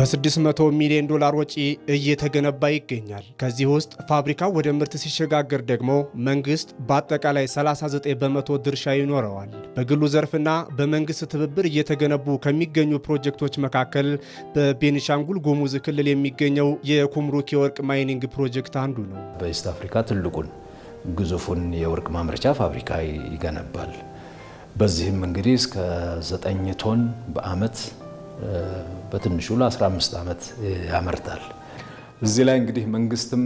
በ600 ሚሊዮን ዶላር ወጪ እየተገነባ ይገኛል። ከዚህ ውስጥ ፋብሪካው ወደ ምርት ሲሸጋገር ደግሞ መንግስት በአጠቃላይ 39 በመቶ ድርሻ ይኖረዋል። በግሉ ዘርፍና በመንግስት ትብብር እየተገነቡ ከሚገኙ ፕሮጀክቶች መካከል በቤኒሻንጉል ጉሙዝ ክልል የሚገኘው የኩምሩክ የወርቅ ማይኒንግ ፕሮጀክት አንዱ ነው። በኢስት አፍሪካ ትልቁን ግዙፉን የወርቅ ማምረቻ ፋብሪካ ይገነባል። በዚህም እንግዲህ እስከ 9 ቶን በአመት በትንሹ ለ15 ዓመት ያመርታል። እዚህ ላይ እንግዲህ መንግስትም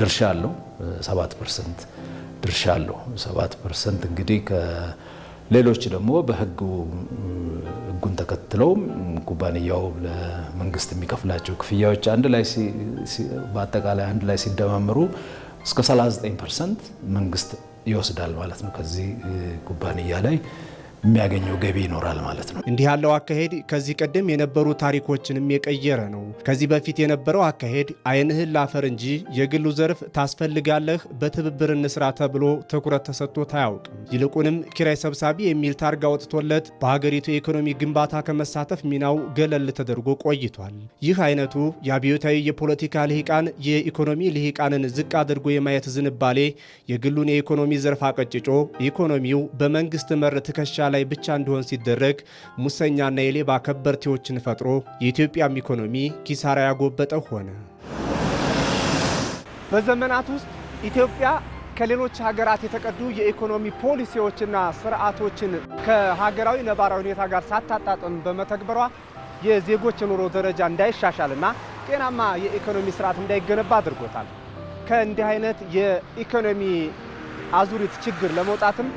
ድርሻ አለው፣ 7 ፐርሰንት ድርሻ አለው። 7 ፐርሰንት እንግዲህ ከሌሎች ደግሞ በህጉ ህጉን ተከትለው ኩባንያው ለመንግስት የሚከፍላቸው ክፍያዎች አንድ ላይ በአጠቃላይ አንድ ላይ ሲደማመሩ እስከ 39 ፐርሰንት መንግስት ይወስዳል ማለት ነው ከዚህ ኩባንያ ላይ የሚያገኘው ገቢ ይኖራል ማለት ነው። እንዲህ ያለው አካሄድ ከዚህ ቀደም የነበሩ ታሪኮችንም የቀየረ ነው። ከዚህ በፊት የነበረው አካሄድ አይንህን ላፈር እንጂ የግሉ ዘርፍ ታስፈልጋለህ፣ በትብብር እንስራ ተብሎ ትኩረት ተሰጥቶት አያውቅም። ይልቁንም ኪራይ ሰብሳቢ የሚል ታርጋ ወጥቶለት በሀገሪቱ የኢኮኖሚ ግንባታ ከመሳተፍ ሚናው ገለል ተደርጎ ቆይቷል። ይህ አይነቱ የአብዮታዊ የፖለቲካ ልሂቃን የኢኮኖሚ ልሂቃንን ዝቅ አድርጎ የማየት ዝንባሌ የግሉን የኢኮኖሚ ዘርፍ አቀጭጮ ኢኮኖሚው በመንግስት መር ትከሻ ላይ ብቻ እንዲሆን ሲደረግ ሙሰኛና የሌባ ከበርቴዎችን ፈጥሮ የኢትዮጵያም ኢኮኖሚ ኪሳራ ያጎበጠው ሆነ። በዘመናት ውስጥ ኢትዮጵያ ከሌሎች ሀገራት የተቀዱ የኢኮኖሚ ፖሊሲዎችና ስርዓቶችን ከሀገራዊ ነባራዊ ሁኔታ ጋር ሳታጣጥም በመተግበሯ የዜጎች የኑሮ ደረጃ እንዳይሻሻልና ጤናማ የኢኮኖሚ ስርዓት እንዳይገነባ አድርጎታል። ከእንዲህ አይነት የኢኮኖሚ አዙሪት ችግር ለመውጣትም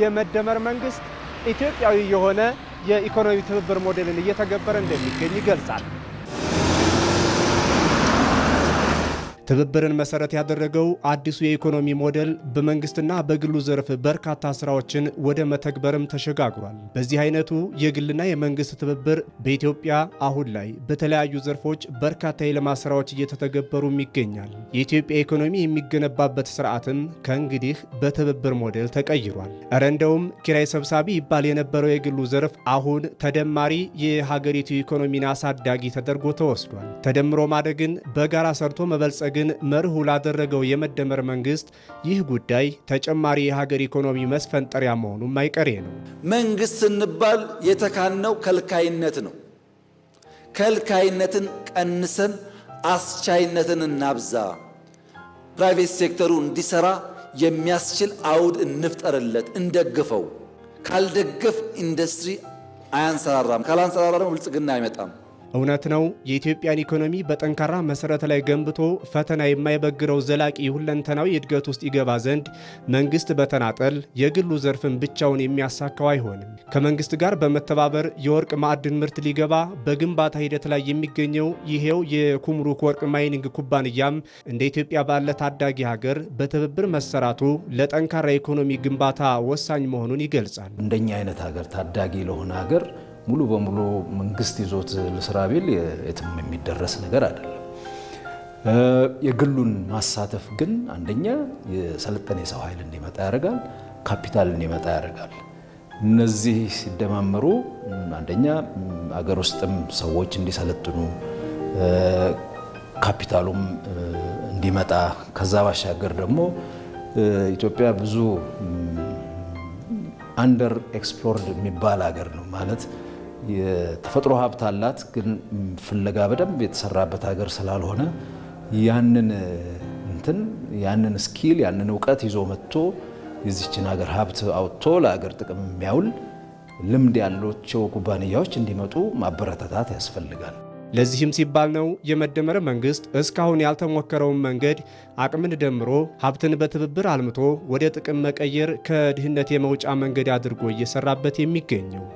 የመደመር መንግስት ኢትዮጵያዊ የሆነ የኢኮኖሚ ትብብር ሞዴልን እየተገበረ እንደሚገኝ ይገልጻል። ትብብርን መሰረት ያደረገው አዲሱ የኢኮኖሚ ሞዴል በመንግስትና በግሉ ዘርፍ በርካታ ስራዎችን ወደ መተግበርም ተሸጋግሯል። በዚህ አይነቱ የግልና የመንግስት ትብብር በኢትዮጵያ አሁን ላይ በተለያዩ ዘርፎች በርካታ የልማት ስራዎች እየተተገበሩም ይገኛል። የኢትዮጵያ ኢኮኖሚ የሚገነባበት ስርዓትም ከእንግዲህ በትብብር ሞዴል ተቀይሯል። እረ እንደውም ኪራይ ሰብሳቢ ይባል የነበረው የግሉ ዘርፍ አሁን ተደማሪ የሀገሪቱ ኢኮኖሚን አሳዳጊ ተደርጎ ተወስዷል። ተደምሮ ማደግን በጋራ ሰርቶ መበልጸግ ግን መርሁ ላደረገው የመደመር መንግስት ይህ ጉዳይ ተጨማሪ የሀገር ኢኮኖሚ መስፈንጠሪያ መሆኑም አይቀሬ ነው። መንግስት ስንባል የተካነው ከልካይነት ነው። ከልካይነትን ቀንሰን አስቻይነትን እናብዛ። ፕራይቬት ሴክተሩ እንዲሰራ የሚያስችል አውድ እንፍጠርለት፣ እንደግፈው። ካልደገፍ ኢንዱስትሪ አያንሰራራም፣ ካላንሰራራ ደግሞ ብልጽግና አይመጣም። እውነት ነው የኢትዮጵያን ኢኮኖሚ በጠንካራ መሰረት ላይ ገንብቶ ፈተና የማይበግረው ዘላቂ ሁለንተናዊ እድገት ውስጥ ይገባ ዘንድ መንግስት በተናጠል የግሉ ዘርፍን ብቻውን የሚያሳካው አይሆንም። ከመንግስት ጋር በመተባበር የወርቅ ማዕድን ምርት ሊገባ በግንባታ ሂደት ላይ የሚገኘው ይሄው የኩምሩክ ወርቅ ማይኒንግ ኩባንያም እንደ ኢትዮጵያ ባለ ታዳጊ ሀገር በትብብር መሰራቱ ለጠንካራ የኢኮኖሚ ግንባታ ወሳኝ መሆኑን ይገልጻል። እንደኛ አይነት ሀገር ታዳጊ ለሆነ ሀገር ሙሉ በሙሉ መንግስት ይዞት ልስራ ቢል የትም የሚደረስ ነገር አይደለም። የግሉን ማሳተፍ ግን አንደኛ የሰለጠነ የሰው ኃይል እንዲመጣ ያደርጋል፣ ካፒታል እንዲመጣ ያደርጋል። እነዚህ ሲደማመሩ አንደኛ አገር ውስጥም ሰዎች እንዲሰለጥኑ ካፒታሉም እንዲመጣ ከዛ ባሻገር ደግሞ ኢትዮጵያ ብዙ አንደር ኤክስፕሎርድ የሚባል ሀገር ነው ማለት የተፈጥሮ ሀብት አላት፣ ግን ፍለጋ በደንብ የተሰራበት ሀገር ስላልሆነ ያንን እንትን ያንን ስኪል ያንን እውቀት ይዞ መጥቶ የዚችን ሀገር ሀብት አውጥቶ ለሀገር ጥቅም የሚያውል ልምድ ያላቸው ኩባንያዎች እንዲመጡ ማበረታታት ያስፈልጋል። ለዚህም ሲባል ነው የመደመር መንግስት እስካሁን ያልተሞከረውን መንገድ አቅምን ደምሮ ሀብትን በትብብር አልምቶ ወደ ጥቅም መቀየር ከድህነት የመውጫ መንገድ አድርጎ እየሰራበት የሚገኘው።